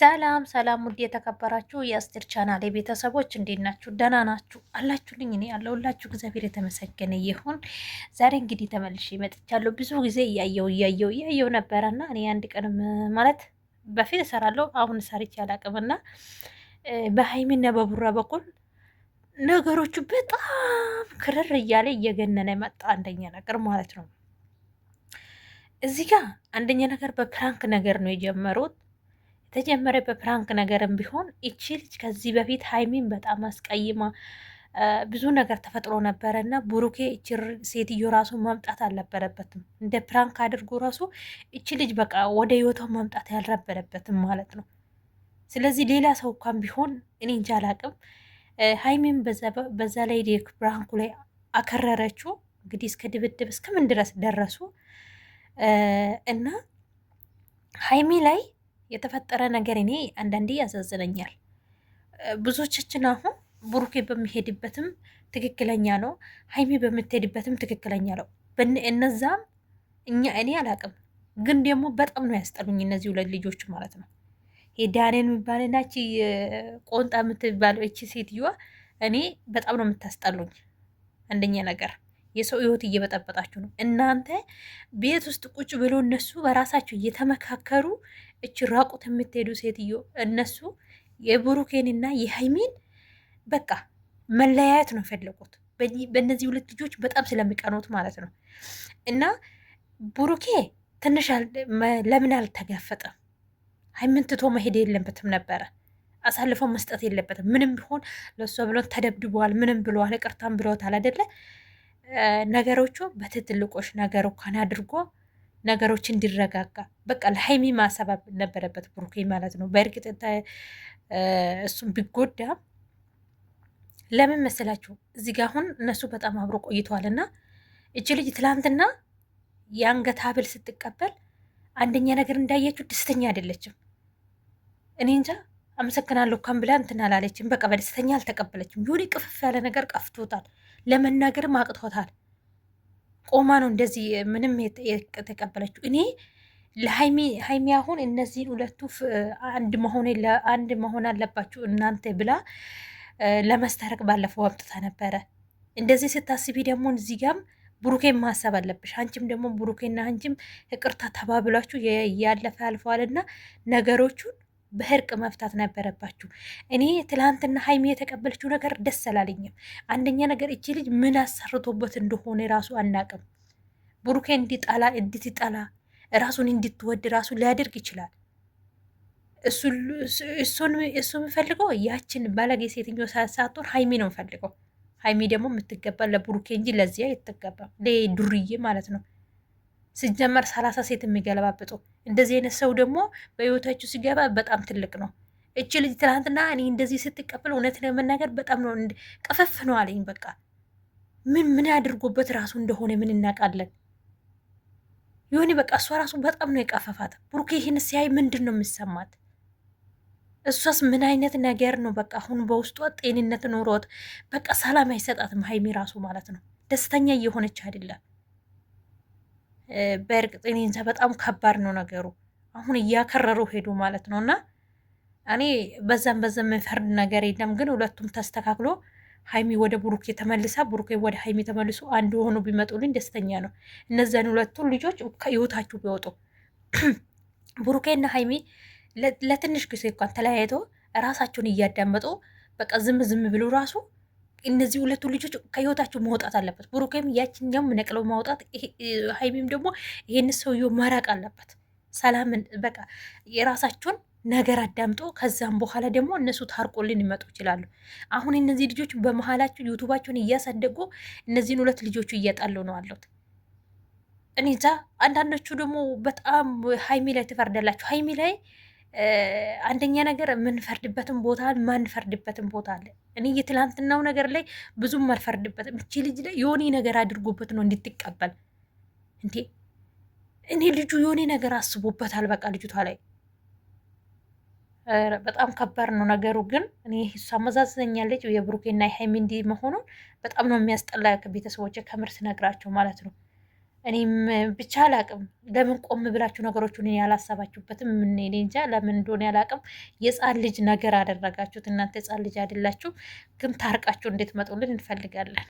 ሰላም ሰላም፣ ውድ የተከበራችሁ የአስቴር ቻናል ቤተሰቦች እንዴት ናችሁ? ደህና ናችሁ አላችሁልኝ? እኔ ያለሁላችሁ እግዚአብሔር የተመሰገነ ይሁን። ዛሬ እንግዲህ ተመልሼ መጥቻለሁ። ብዙ ጊዜ እያየው እያየው እያየው ነበረና እኔ አንድ ቀንም ማለት በፊት እሰራለሁ አሁን ሰርቼ አላቅምና በሀይሚና በቡራ በኩል ነገሮቹ በጣም ክርር እያለ እየገነነ መጣ። አንደኛ ነገር ማለት ነው እዚህ ጋር አንደኛ ነገር በፕራንክ ነገር ነው የጀመሩት ተጀመረ በፕራንክ ነገርም ቢሆን ይቺ ልጅ ከዚህ በፊት ሀይሚን በጣም አስቀይማ ብዙ ነገር ተፈጥሮ ነበረ እና ቡሩኬ እቺ ሴትዮ ራሱ መምጣት አልነበረበትም። እንደ ፕራንክ አድርጎ ራሱ እቺ ልጅ በቃ ወደ ህይወቷ መምጣት ያልነበረበትም ማለት ነው። ስለዚህ ሌላ ሰው እንኳን ቢሆን እኔ እንጃ አላቅም። ሀይሚን በዛ ላይ ፕራንኩ ላይ አከረረችው። እንግዲህ እስከ ድብድብ እስከምን ድረስ ደረሱ እና ሀይሚ ላይ የተፈጠረ ነገር እኔ አንዳንዴ ያሳዝነኛል። ብዙዎቻችን አሁን ብሩኬ በሚሄድበትም ትክክለኛ ነው፣ ሀይሚ በምትሄድበትም ትክክለኛ ነው። እነዛም እኛ እኔ አላቅም፣ ግን ደግሞ በጣም ነው ያስጠሉኝ እነዚህ ሁለት ልጆች ማለት ነው። የዳኔን የሚባል ናች ቆንጣ የምትባለው እቺ ሴትዮዋ እኔ በጣም ነው የምታስጠሉኝ። አንደኛ ነገር የሰው ህይወት እየበጠበጣችሁ ነው እናንተ ቤት ውስጥ ቁጭ ብሎ እነሱ በራሳቸው እየተመካከሩ እች ራቁት የምትሄዱ ሴትዮ እነሱ የብሩኬንና የሀይሚን በቃ መለያየት ነው የፈለጉት። በእነዚህ ሁለት ልጆች በጣም ስለሚቀኑት ማለት ነው። እና ብሩኬ ትንሽ ለምን አልተጋፈጠም? ሀይሚን ትቶ መሄድ የለበትም ነበረ። አሳልፎ መስጠት የለበትም። ምንም ቢሆን ለእሷ ብሎ ተደብድበዋል፣ ምንም ብለዋል፣ ይቅርታም ብለዋታል አይደለ ነገሮቹ በትትልቆች ነገር ካን አድርጎ ነገሮች እንዲረጋጋ በቃ ለሀይሚ ማሰባብ ነበረበት ብሩኬ ማለት ነው። በእርግጥ እሱም ቢጎዳ ለምን መሰላችሁ? እዚህ ጋ አሁን እነሱ በጣም አብሮ ቆይተዋል እና እች ልጅ ትላንትና የአንገት ሀብል ስትቀበል አንደኛ ነገር እንዳየችው ደስተኛ አይደለችም። እኔ እንጃ አመሰግናለሁ እንኳን ብላ እንትን አላለችም። በቃ በደስተኛ አልተቀበለችም። የሆነ ቅፍፍ ያለ ነገር ቀፍቶታል፣ ለመናገርም አቅቶታል። ቆማ ነው እንደዚህ ምንም የተቀበለችው። እኔ ለሀይሚ አሁን እነዚህን ሁለቱ አንድ መሆን አንድ መሆን አለባችሁ እናንተ ብላ ለመስታረቅ ባለፈው አምጥታ ነበረ። እንደዚህ ስታስቢ ደግሞ እዚህ ጋም ብሩኬን ማሰብ አለብሽ። አንቺም ደግሞ ብሩኬና አንቺም ይቅርታ ተባብሏችሁ ያለፈ አልፈዋልና ነገሮቹን በእርቅ መፍታት ነበረባችሁ። እኔ ትላንትና ሀይሚ የተቀበለችው ነገር ደስ አላለኝም። አንደኛ ነገር እቺ ልጅ ምን አሰርቶበት እንደሆነ ራሱ አናቅም። ብሩኬ እንዲጠላ እንድትጠላ ራሱን እንድትወድ ራሱ ሊያደርግ ይችላል። እሱ የሚፈልገው ያችን ባለጌ ሴትዮ ሳትሆን ሀይሚ ነው የሚፈልገው። ሀይሚ ደግሞ የምትገባ ለብሩኬ እንጂ ለዚያ የተገባ ዱርዬ ማለት ነው። ሲጀመር ሰላሳ ሴት የሚገለባብጡ እንደዚህ አይነት ሰው ደግሞ በህይወታችሁ ሲገባ በጣም ትልቅ ነው። እች ልጅ ትናንትና እኔ እንደዚህ ስትቀበል እውነት ለመናገር በጣም ነው ቀፈፍ ነው አለኝ። በቃ ምን ምን አድርጎበት ራሱ እንደሆነ ምን እናውቃለን። የሆነ በቃ እሷ ራሱ በጣም ነው የቀፈፋት። ብሩኬ ይህን ሲያይ ምንድን ነው የሚሰማት? እሷስ ምን አይነት ነገር ነው? በቃ አሁን በውስጧ ጤንነት ኑሮት በቃ ሰላም አይሰጣትም። ሀይሚ ራሱ ማለት ነው ደስተኛ እየሆነች አይደለም። በእርግጥ እኔንዛ በጣም ከባድ ነው ነገሩ። አሁን እያከረሩ ሄዱ ማለት ነው። እና እኔ በዛም በዛም የምፈርድ ነገር የለም። ግን ሁለቱም ተስተካክሎ ሀይሚ ወደ ብሩኬ ተመልሳ ብሩኬ ወደ ሀይሚ ተመልሶ አንድ ሆኖ ቢመጡልኝ ደስተኛ ነው። እነዚያን ሁለቱን ልጆች ከህይወታችሁ ቢወጡ ብሩኬና ሀይሚ ለትንሽ ጊዜ እንኳን ተለያይቶ ራሳቸውን እያዳመጡ በቃ ዝም ዝም ብሉ ራሱ እነዚህ ሁለቱ ልጆች ከህይወታቸው መውጣት አለበት። ብሩኬም ያችኛውም ነቅለው ማውጣት፣ ሀይሚም ደግሞ ይህን ሰውየ መራቅ አለበት። ሰላምን በቃ የራሳቸውን ነገር አዳምጦ ከዛም በኋላ ደግሞ እነሱ ታርቆልን ሊመጡ ይችላሉ። አሁን እነዚህ ልጆች በመሀላቸው ዩቱባቸውን እያሳደጉ እነዚህን ሁለት ልጆቹ እያጣሉ ነው አሉት። እኔዛ። አንዳንዶቹ ደግሞ በጣም ሀይሚ ላይ ትፈርዳላችሁ። ሀይሚ ላይ አንደኛ ነገር የምንፈርድበትን ቦታ ማንፈርድበትን ቦታ አለ። እኔ የትላንትናው ነገር ላይ ብዙም አልፈርድበትም። እቺ ልጅ ላይ የሆኔ ነገር አድርጎበት ነው እንድትቀበል እንዴ። እኔ ልጁ የሆኔ ነገር አስቦበታል። በቃ ልጅቷ ላይ በጣም ከባድ ነው ነገሩ። ግን እኔ እሷ አመዛዝኛለች የብሩኬና የሃይሚ መሆኑን በጣም ነው የሚያስጠላ። ቤተሰቦች ከምር ስነግራቸው ማለት ነው እኔም ብቻ አላቅም። ለምን ቆም ብላችሁ ነገሮችን ያላሰባችሁበትም? ምን እኔ እንጃ ለምን እንደሆነ ያላቅም። የጻን ልጅ ነገር አደረጋችሁት እናንተ። የጻን ልጅ አይደላችሁ፣ ግን ታርቃችሁ እንዴት መጡልን እንፈልጋለን።